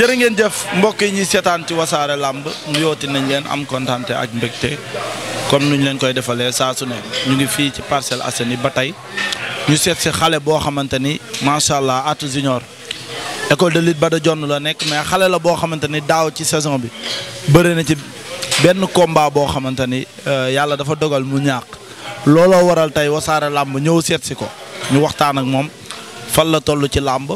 jërë ngeen jëf mbokk yi ñuy seetaan ci wasaare làmb nuyooti nañ leen am kontaan ak mbégte comme nuñ leen koy defalee saa su ne ñu ngi fii ci Parcelles Assainies ba tey ñu seet si xale boo xamante ni macha allah Atou Junior école de lutte Bada Dione la nekk mais xale la boo xamante ni daaw ci saison bi bëri na ci benn combat boo xamante ni euh, yàlla dafa dogal mu ñàkk looloo waral tey wasaare làmb ñëw seet si ko ñu waxtaan ak moom fan la toll ci làmb.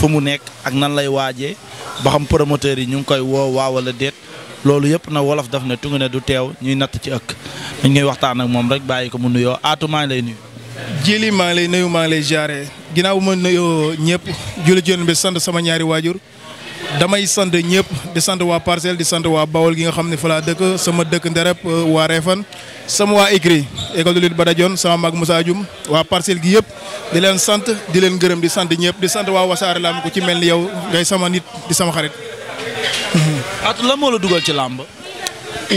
fu mu nekk ak nan lay waajee ba xam promoteurs yi ñu ngi koy woo waa wala déet loolu yëpp na wolof daf ne tungu ne du teew ñuy natt ci ëkk dañ ngay waxtaan ak moom rek bàyyi ko mu nuyoo aatu maa lay nuyu. jili maa lay nuyu maa ngi lay jaaree ginnaaw ma nuyoo ñëpp julli jën bi sant sama ñaari waajur damay sant ñëpp di sant waa parcelle di sant waa bawol gi nga xam ne fa laa dëkk sama dëkk nderep euh, waa Réfane sama waa écrit école de lutte Badajon sama mag Moussa Dioum waa parcelle gi yëpp di leen sant di leen gërëm di sant ñëpp di sant waa wasaare lamb ku ci mel ni yow ngay sama nit di sama xarit. Atou lan moo la dugal ci làmb.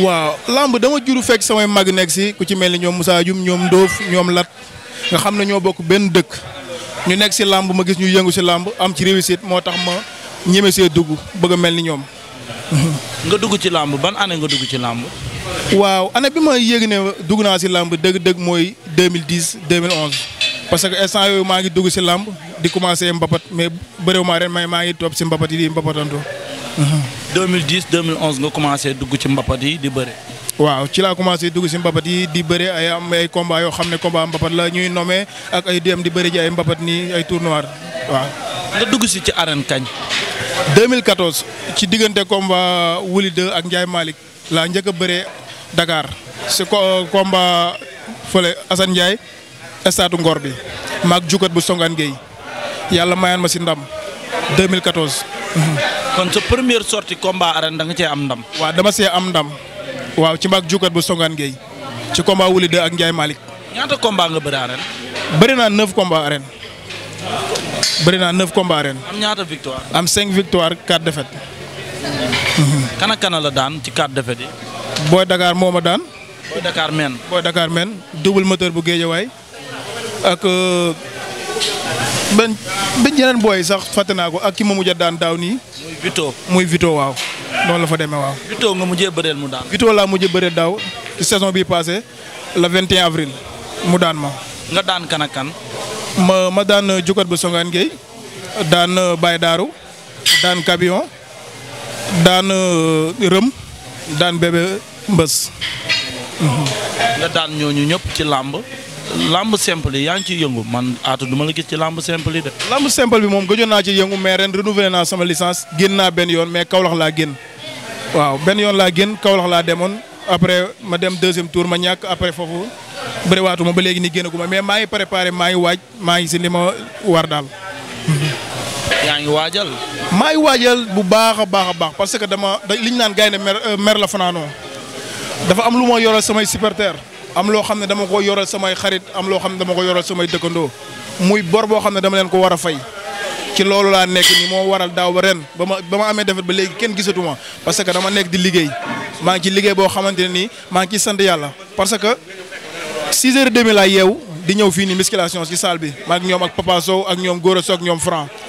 waaw làmb dama juru fekk samay mag nekk si ku ci mel ni ñoom Moussa Dioum ñoom Ndoof ñoom Lat nga xam na ñoo bokk benn dëkk ñu nekk si làmb ma gis ñu yëngu si làmb am ci réussite moo tax ma ñeme see dugg bëgg mel ni ñoom. nga dugg ci làmb ban année dugg ci làmb. waaw année bi ma yëg ne dugg naa si làmb dëgg-dëgg mooy 2010 2011 parce que instant yooyu maa ngi dugg si làmb di commencé mbapat mais bëriwuma ren may maa ngi topp si mbapat yi di mbapatantoo. 2010 2011 nga commencé dugg ci mbapat yi di bëre. waaw ci laa commencé dugg si mbapat yi di bëre ay am ay combat yoo xam ne combat mbapat la ñuy nommé ak ay dem di bëre ji ay mbapat nii ay tournois waaw. nga dugg si ci arène kañ. 2014 ci diggante combat Wuli 2 ak Ndiaye Malick laa njëkk a bëree. Dakar si ko combat fële Assane Ndiaye Ngor bi maag jukat bu Songane Gueye yàlla mayaan ma ci ndam 2014. kon sa première sortie combat arène da nga cee am ndam. waa dama see am ndam waaw ci maag jukat bu Songane Gueye ci combat wuli de ak Ndiaye Malick. ñaata combat nga bëri arène. bëri naa neuf am ñaata victoire. am cinq victoire quatre défaites. la daan ci quatre défaites Boy dakaar moo ma daan. Boy Dakar bu Géejawaay ak euh, benn benn booy sax fàtte naa ko ak ki ma mujj daan daaw nii. muy Vito muy Vito waaw. noonu la fa demee waaw. Vito nga mujjee bëreel mu daan. Vito laa mujjee bëreel daaw ci saison bii passé le 21 avril mu daan ma. nga daan kan ma ma daan euh, jukat bu Songane Gueye daan euh, Baye daan Cabion daan Rëm daan bébé. mbës. nga daan ñooñu ñëpp ci làmb làmb simple yi yaa ngi ciy yëngu man aatu du ma la gis ci làmb simple yi de. làmb simple bi moom gëjoon naa ci yëngu mais ren renouvelé naa sama licence génn naa benn yoon mais Kaolack laa génn waaw benn yoon laa génn Kaolack laa demoon après ma dem deuxième tour ma ñàkk après foofu bëriwaatu ma ba léegi ni génnaguma mais maa ngi préparé maa ngi waaj maa ngi si li war daal. yaa ngi waajal. maa ngi waajal bu baax a baax a baax parce que dama liñ naan gaynde mer euh, mer la fanaanoo dafa am lu ma yoral samay supporters am loo xam ne dama ko yoral samay xarit am loo xam ne dama ko yoral samay dëkkandoo muy bor boo xam ne dama leen ko war a fay ci loolu laa nekk nii moo waral daaw ba ren ba ma ba ma amee defet ba léegi kenn gisatuma parce que dama nekk di liggéey maa ngi ci liggéey boo xamante ne nii maa ngi ciy sant yàlla parce que 6 heures et demi laa yeew di ñëw fii ni musculation ci salle bi maa ngi ñoom ak Papa Sow ak ñoom Gora Sow ak ñoom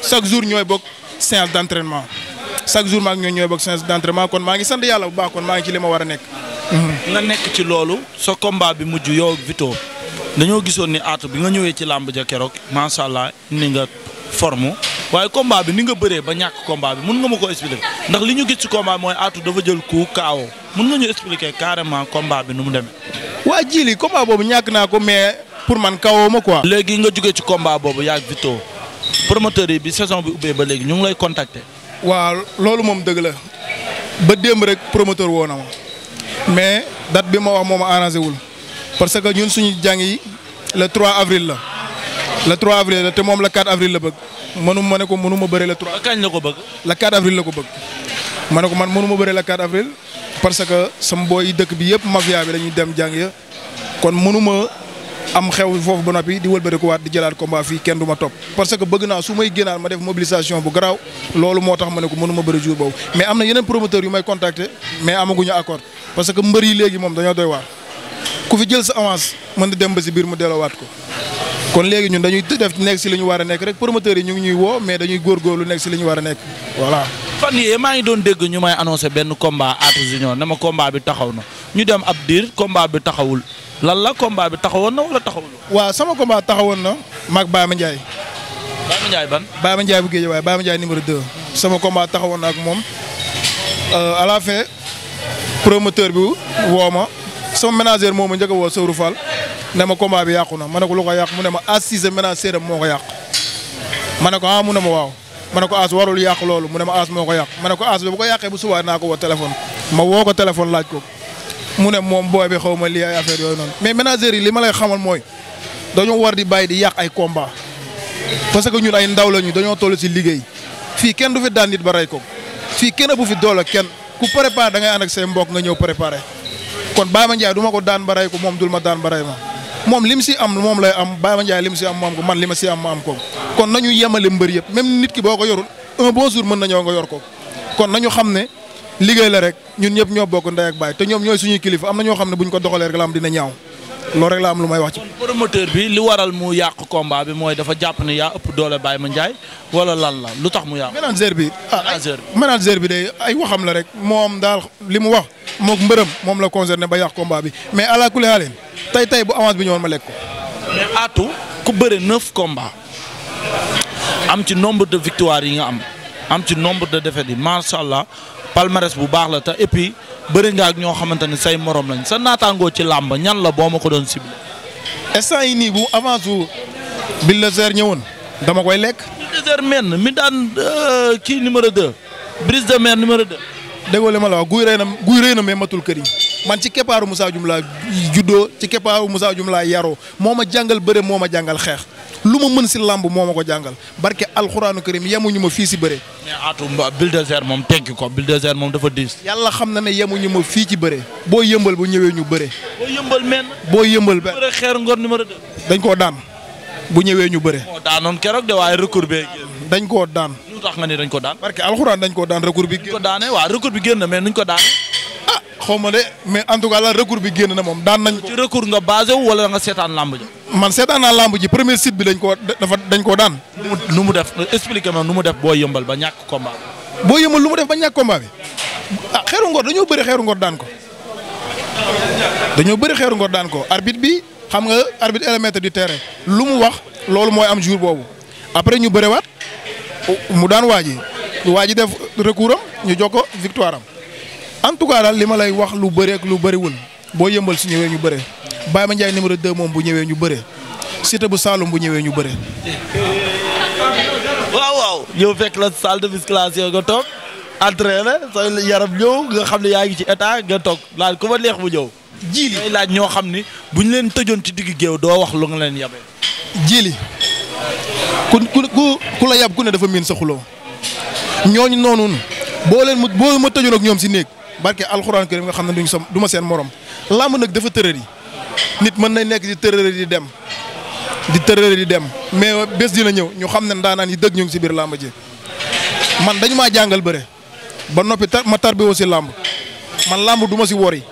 chaque jour ñooy bokk séance d'entraînement chaque jour maa ngi kon maa ngi sant yàlla bu baax kon li ma war a nekk nga nekk ci loolu sa combat bi mujj yow ak Vito dañoo gisoon ni aatu bi nga ñëwee ci làmb ja keroog macha allah ni nga forme waaye combat bi ni nga bëree ba ñàkk combat bi mun nga ma ko expliquer ndax li ñu gis ci combat mooy aatu dafa jël coup kaawoo mun nga ñu expliquer carrément combat bi nu mu demee. waa ji li boobu ñàkk naa ko mais pour man kawoo ma quoi. léegi nga jugee ci combat boobu yaa ngi Vito promoteur yi bi saison bi ubbee ba léegi ñu ngi lay contacter. waa loolu moom dëgg la ba démb rek promoteur woo na mais date bi ma wax moo ma arrangé wul parce que ñun suñu jàng yi le 3 avril la le 3 avril la te moom le 4 avril la bëgg mënu ma ne ko mënu ma bëre le 3. Ah, kañ ko bëgg. le 4 avril la ko bëgg ma ne ko man mënu ma bëre le 4 avril parce que sama booy dëkk bi yëpp mafia bi dañuy dem jàng ya kon mënu ma am xew foofu ba noppi di wëlbatiku waat di jëlaat combat fii kenn du ma topp parce que bëgg naa su may génnaat ma def mobilisation bu garaaw loolu moo tax ma ne ko mënu ma bëri jour boobu mais am na yeneen promoteurs yu may contacter mais amaguñu accord. parce que mbër yi léegi moom dañoo doy waar ku fi jël sa avance mën na dem ba si biir mu delloowaat ko kon léegi ñun dañuy def nekk si li ñu war a nekk rek promoteurs yi ñu ngi ñuy woo mais dañuy góorgóorlu nekk si li ñu war a nekk voilà. fan yii maa ngi doon dégg ñu may annoncé benn komba Atou Junior ne ma combat bi taxaw na ñu dem ab diir combat bi taxawul lan la combat bi taxawoon na wala taxawul. waa sama combat taxawoon na maag Baama Ndiaye. Baama Ndiaye ban. Baama Ndiaye bu Géejawaay Baama Ndiaye numéro 2. sama combat taxawoon ak moom euh, promoteur bi woo ma sama manager moo ma njëkk a woo Sourou Fall ne ma combat bi yàqu na ma ne ko lu ko yàq mu ne ma assise manager moo ko yàq ma ne ko ah mu ne ma waaw ma ne ko as warul yàq loolu mu ne ma moo ko yàq ma ne ko as bu ko yàqee bu subaa naa ko woo téléphone ma woo ko téléphone laaj ko mu ne moom booy bi xaw ma lii ay affaire yooyu noonu mais manager yi li ma lay xamal mooy dañoo war di bàyyi di yàq ay komba parce que ñun ay ndaw lañu dañoo toll si liggéey fii kenn du fi daan nit ba rey ko fii kenn bu fi doole kenn. ku préparé da ngay ànd ak say nga ñëw préparé kon Baye Ma Ndiaye du ko daan ba rey ko moom dul ma daan ba ma moom lim si am moom lay am Baye Ma Ndiaye lim si am ma ko man li ma si am ma am ko kon nañu yemale mbër yëpp même nit ki boo ko yorul un bon mën na ñëw nga yor ko kon nañu xam ne liggéey la rek ñun ñëpp ñoo bokk ndey ak baay te ñoom ñooy am ne bu ko doxalee rek am dina ñaaw loolu rek laa am lu may wax ci. promoteur bi li waral mu yàq combat bi mooy dafa jàpp ne yaa ëpp doole ma Mandiaye wala lan la lu tax mu yàq. manager bi ah manager bi day ay waxam la rek moom daal li mu wax mook mbërëm moom la concerné ba yàq combat bi mais ala kulli haal tey tey bu avance bi ñëwoon ma lekk ko. mais Atou ku bëre neuf komba am ci nombre de victoires yi nga am am ci nombre de défaites yi macha allah palmarès bu baax la te et bëri nga ak ñoo xamante ne say moroom lañ sa naataangoo ci làmb ñan la boo ma ko doon ciblé. instant yi nii bu avance su Bulldozer ñëwoon dama koy lekk. Bulldozer men mi daan euh, kii numéro 2 brise de mer numéro 2. déggoo ma la wax guy rëy na guy na mais matul kër yi man ci keppaaru Moussa Dioum laa juddoo ci keppaaru musa Dioum laa yaroo moo ma jàngal bëre moo ma jàngal xeex. lu ma mën si làmb moo ma ko jàngal barke alxuraanu karim yemuñu ma fii si bëre. mais moom teggi ko Bulldozer moom dafa diis. yàlla xam na ne yemuñu ma fii ci bëre boo yëmbal bu ñëwee ñu bëre. boo yëmbal men. boo yëmbal benn bëre xeer ngor ma 2. dañ koo daan bu ñëwee ñu bëre. moo daanoon keroog de waaye recours bee. dañ ko daan. barke bi. dañ ko nuñ ko daanee xaw ma de mais en tout cas la recours bi génn na moom daan nañ ko. ci recours nga basé wu wala nga seetaan lamb ji. man seetaan naa lamb ji premier site bi dañ koo dafa dañ koo daan. nu mu def expliqué ma nu mu def boo yëmbal ba ñàkk combat bi. boo yëmbal lu mu def ba ñàkk combat bi ah xeeru ngor dañoo bëri xeeru ngor daan ko dañoo bëri xeeru ngor daan ko arbitre bi xam nga arbitre élémètre du terrain lu mu wax loolu mooy am jour boobu après ñu waat mu daan waaj yi waaj yi def recours ñu jox ko victoire en tout cas daal li ma lay wax lu bëri ak lu bëriwul boo yëmbal si ñëwee ñu bëre Baye Ma Ndiaye numéro 2 moom bu ñëwee ñu bëre Siteu bu Saloum bu ñëwee ñu bëre. waaw waaw ñëw fekk la salle de musculation yow nga toog entraîné sa yaram ñëw nga xam ne yaa ngi ci état nga toog laaj ku neex mu ñëw. jiili ngay laaj ñoo xam ni bu ñu leen tëjoon ci digg géew doo wax lu nga leen yabee. jiili ku ku ku la yab ku ne dafa miin sa xuloo ñooñu noonu boo leen boo ma tëjoon ak ñoom si néeg. barke alxuraan karim nga xam ne duñ sa du ma seen morom làmb nag dafa tërëri nit mën na nekk di tërëri di dem di tërëri di dem mais bés dina ñëw ñu xam ne ndaanaan yi dëgg ñu ngi si biir làmb ji man dañu maa jàngal bëre ba noppi ma tarbi woo làmb man làmb duma ma si wori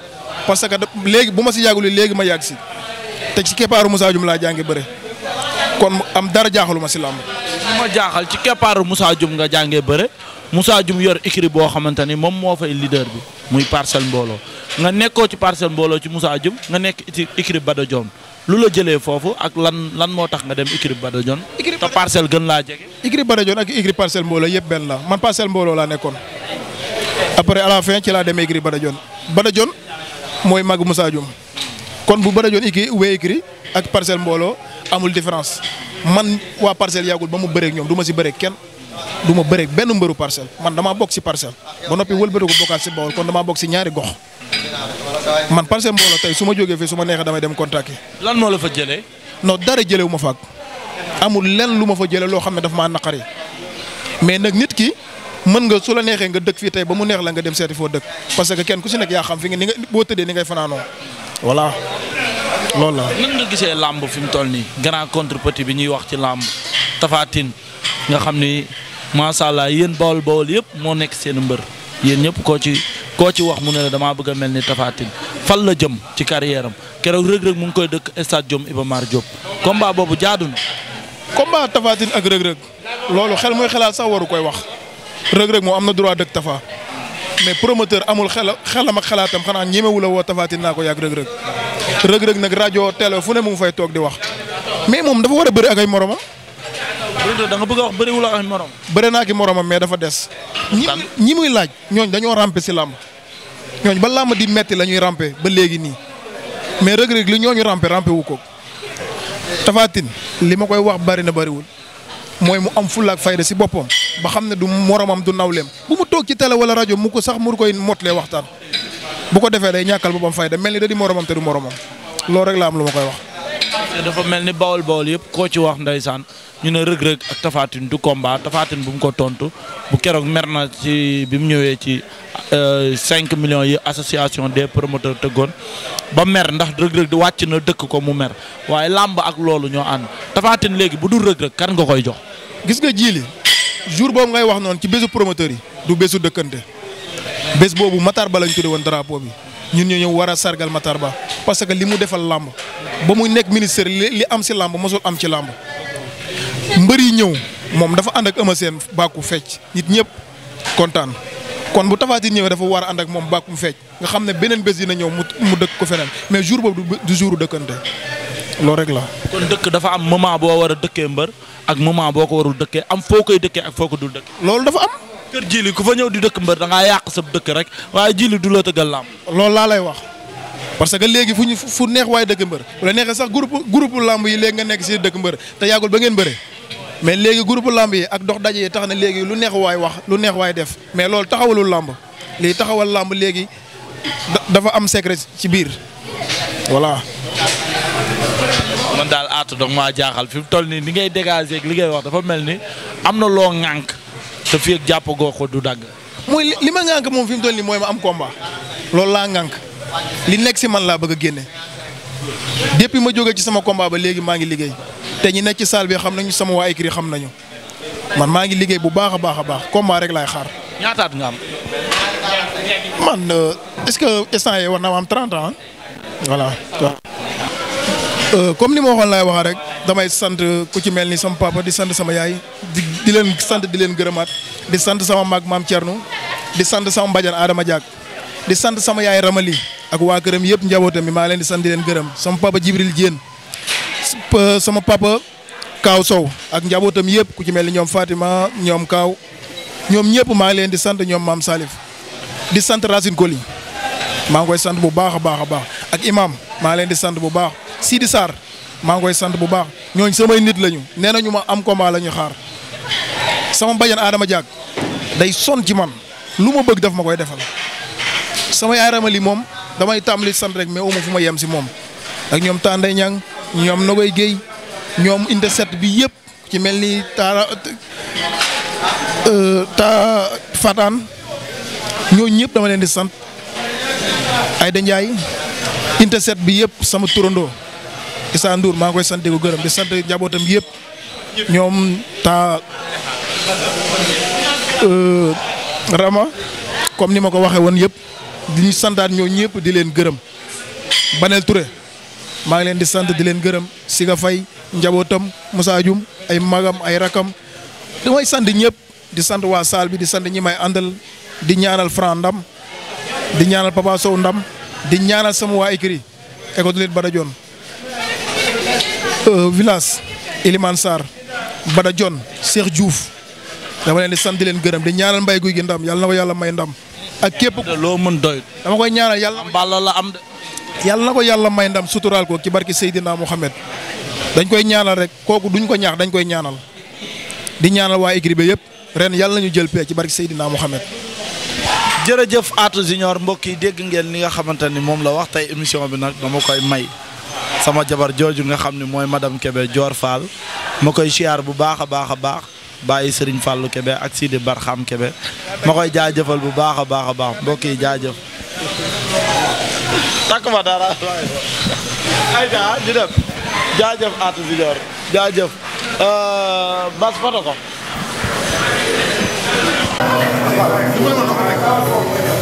parce que léegi bu ma si yàggul léegi ma yàgg si te ci keppaaru Moussa Dioum laa jàngi bëre kon am dara jaaxaluma ma si làmb. li ma jaaxal ci keppaaru Moussa Dioum nga jàngee bëre. Moussa Dioum yor écurie boo xamante ni moom moo fay leader bi muy parcelle mbooloo nga nekkoo ci parcel mbooloo ci Moussa Dioum nga nekk ci écurie Bada Dione lu la jëlee foofu ak lan lan moo tax nga dem écurie Bada Dione te parcelle gën laa jege. écurie Bada Dione ak écurie parcelle mbooloo yëpp benn la man parcelle mbooloo laa après à fin ci laa demee écurie Bada Dione Bada mooy mag mussa Dioum kon bu Bada Dione écurie ubbee écurie ak parcelle mbooloo amul différence man waa parcelle yàggul ba mu bëreeg ñoom du ma si bëreeg kenn. du ma bëreeg benn mbëru parcelle man damaa bokk si parcelle ba noppi wëlbatu ko bokkaat si Bawol kon damaa bokk si ñaari gox man parcelle mbooloo tey su ma jógee fii su ma neexee damay dem contact yi. lan moo la fa jëlee. non dara jëlee wu ma faak amul lenn lu ma fa jëlee loo xam ne daf maa naqari mais nag nit ki mën nga su la neexee nga dëkk fii tey ba mu neex la nga dem seeti foo dëkk parce que kenn ku si nekk yaa xam fi nga ni nga boo tëddee ni ngay fanaanoo voilà loolu la. nan nga gisee làmb fi mu toll nii grand contre petit bi ñuy wax ci làmb Tapha nga xam ni macha allah yéen bawol bawol yëpp moo nekk seen mbër yéen ñëpp koo ci koo ci wax mu ne la damaa bëgg a mel ni Tapha Tine fan la jëm ci carrière am keroog Reug Reug mu ngi koy dëkk stade Diom Iba Mar Diop combat boobu jaadu na. combat Tapha Tine ak Reug Reug loolu xel muy xelaat sax waru koy wax Reug Reug moo am na droit dëkk Tapha mais promoteur amul xel xelam ak xalaatam xanaa ñemewu la woo Tapha naa ko yàgg Reug Reug Reug nag rajo télé fu ne mu ngi fay toog di wax mais moom dafa war a bëri ak ay moromam Bërëndoo da bëgg a wax bëriwul ak morom. bëri naa ki moromam mais dafa des. ñi ñi muy laaj ñooñ dañoo rampe si làmb ñooñ ba làmb di metti la ñuy rampe ba léegi nii mais Reug Reug li ñooñu rampe rampe wu ko. Tapha li ma koy wax bari na bariwul mooy mu am fulla ak fayda si boppam ba xam ne du moromam du nawleem bu mu toog ci télé wala rajo mu ko sax mu koy motlee waxtaan bu ko defee day ñàkkal boppam fayda mel ni da moroomam te du moromam loolu rek la am lu ma koy wax. dafa mel ni bawol bawol yëpp koo ci wax ndeysaan ñu ne rëg-rëg ak tafaatin du combat tafaatin bu mu ko tontu bu keroog mer na ci bi mu ñëwee ci euh, cinq millions yi association des promoteurs tëggoon ba mer ndax rëg-rëg di wàcc na dëkk ko mu mer waaye làmb ak loolu ñoo ànd tafaatin léegi bu dul rëg-rëg kan nga koy jox. gis nga li jour boobu ngay wax noonu ci bésu promoteur yi du bésu dëkkante bés boobu Matar Ba lañ tudde woon drapeau bi ñun ñu ñëw war a sargal Matar Ba parce que li mu defal làmb ba muy nekk ministère li am si làmb mosul am ci làmb mbër yi ñëw moom dafa ànd ak Eumeu Sène bàkku fecc nit ñëpp kontaan kon bu Tapha Tine ñëwee dafa war a ànd ak moom bàkkum fecc nga xam ne beneen bés dina ñëw mu mu dëkk ko feneen mais jour boobu du jour dëkkante loolu rek la. dëkk dafa am moment boo war a dëkkee mbër ak moment boo ko warul dëkkee am foo koy dëkkee ak foo ko dul loolu dafa am. kër jili ku fa ñëw di dëkk mbër da ngaa yàq sa dëkk rek waaye jili du la tëggal làmb. loolu laa lay wax parce que léegi fu ñu fu neex waaye dëkk mbër bu la neexee sax groupe groupe làmb yi léegi nga nekk si dëkk mbër te yàggul ba ngeen bëree mais léegi groupe lamb yi ak dox daje yi tax na léegi lu neex waay wax lu neex waay def mais loolu taxawalul lamb lii taxawal lamb léegi dafa am secret ci biir voilà. man daal aatu dog maa jaaxal fi mu toll nii li ngay dégager ak li ngay wax dafa mel ni am na loo ŋànk te fii jàpp goo ko du dagg. mooy li ma ŋànk moom fi mu toll nii mooy ma am komba loolu laa ŋànk li nekk si man laa bëgg a génne depuis ma jógee ci sama combat ba léegi maa ngi liggéey. te ñi nekk ci salle xam nañu sama waa écrit xam nañu man maa ngi liggéey bu baax a baax a baax combat rek laay xaar. ñaataat nga am. man euh, est-ce que instant yii war naa am 30 ans voilà. Euh, comme ni ma waxoon laay waxaa rek damay sant ku ci mel ni sama papa di sant sama yaay di di leen sant di leen gërëmaat di sant sama mag maam Thierno di sant sama mbajan Adama Diak di sant sama yaay Ramali ak waa këram yëpp njabootam bi maa leen di sant di leen gërëm sama papa Jibril Diène. sama papa Kaaw Sow ak njabootam yëpp ku ci mel ñoom Fatima ñoom Kaaw ñoom ñëpp maa ngi leen di sant ñoom maam Salif di sant Racine Koli maa ngi koy sant bu baax a baax a baax ak imam maa ngi leen di sant bu baax Sidi Sarr maa ngi koy sant bu baax ñooñ samay nit lañu nee nañu ma am combat la ñu xaar sama mbajan Adama Diak day son ci man lu ma bëgg daf ma koy defal sama yaay Ramali moom damay tàmbali sant rek mais uma fu ma yem si moom ak ñoom Tande Niang ñoom na koy Guèye ñoom inte set bi yëpp ci mel ni euh, ta ta Fataan ñooñu ñëpp dama leen di sant Ayda Ndiaye inte set bi yëpp sama turandoo Issa Ndour maa koy sant di gërëm di sant njabootam yëpp ñoom ta euh, Rama comme ni ma ko waxee woon yëpp di ñu santaat ñoo ñëpp di leen gërëm Banel Touré. maa ngi leen di sant di leen gërëm Siga Faye njabootam Moussa Dioum ay magam ay rakam damay sant ñëpp di sant waa saal bi di sant ñi may àndal di ñaanal Franc ndam di ñaanal Papa Sow ndam di ñaanal sama waa écrit école leen Badajon euh, village Elimane Sarr Badajon Cheikh Diouf dama leen di sant di leen gërëm di ñaanal mbay guy gi ndam yàlla na ko yàlla may ndam ak képp loo yàlla na ko yàlla may ndam suturaal ko ci barki Seydina Mohamed dañ koy ñaanal rek kooku duñ ko ñaax dañ koy ñaanal di ñaanal waa écurie bi yëpp ren yàlla nañu jël pee ci barki Seydina Mohamed. jërëjëf Atou Junior mbokk yi dégg ngeen li nga xamante ni moom la wax émission bi nag dama koy may sama jabar jooju nga xam ne mooy madam Kébé joor Fall ma koy siyaar bu baax a baax a baax. bàyyi Serigne Fallou kebe ak Sidi Barxam Kébé ma koy jaajëfal bu baax a baax a baax mbokk yi takk ma dara ay da di dem jaajëf Atou Junior jaajëf euh, bas foto ko